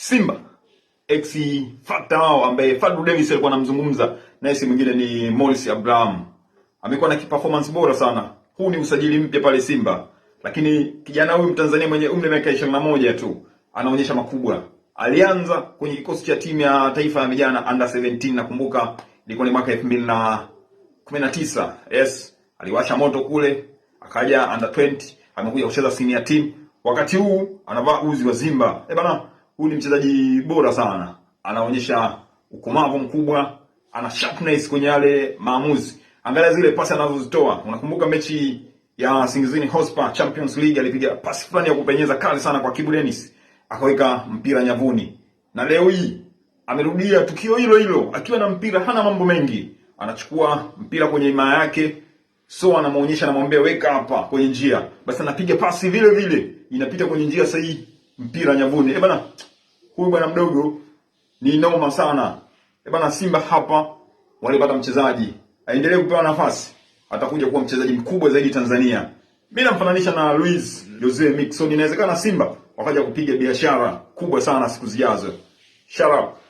Simba ex Fatao ambaye Fadlu Davis alikuwa anamzungumza naye, si mwingine ni Morris Abraham. Amekuwa na performance bora sana. Huu ni usajili mpya pale Simba, lakini kijana huyu Mtanzania mwenye umri wa miaka 21 tu anaonyesha makubwa. Alianza kwenye kikosi cha timu ya taifa ya vijana under 17, nakumbuka ilikuwa ni mwaka 2019. Yes, aliwasha moto kule, akaja under 20, amekuja kucheza senior team. Wakati huu anavaa uzi wa Simba. Eh bana, huyu ni mchezaji bora sana, anaonyesha ukomavu mkubwa, ana sharpness kwenye yale maamuzi. Angalia zile pasi anazozitoa. Unakumbuka mechi ya Singizini Hotspur Champions League, alipiga pasi fulani ya kupenyeza kali sana kwa Kibu Denis, akaweka mpira nyavuni. Na leo hii amerudia tukio hilo hilo, akiwa na mpira, hana mambo mengi, anachukua mpira kwenye imaya yake so anamuonyesha, anamwambia weka hapa kwenye njia, basi anapiga pasi vile vile, inapita kwenye njia sahihi, mpira nyavuni. Eh bana, huyu bwana mdogo ni noma sana. E bana, Simba hapa walipata mchezaji, aendelee kupewa nafasi, atakuja kuwa mchezaji mkubwa zaidi Tanzania. Mimi namfananisha na Luis Jose Miquissone. Inawezekana Simba wakaja kupiga biashara kubwa sana siku zijazo. Shut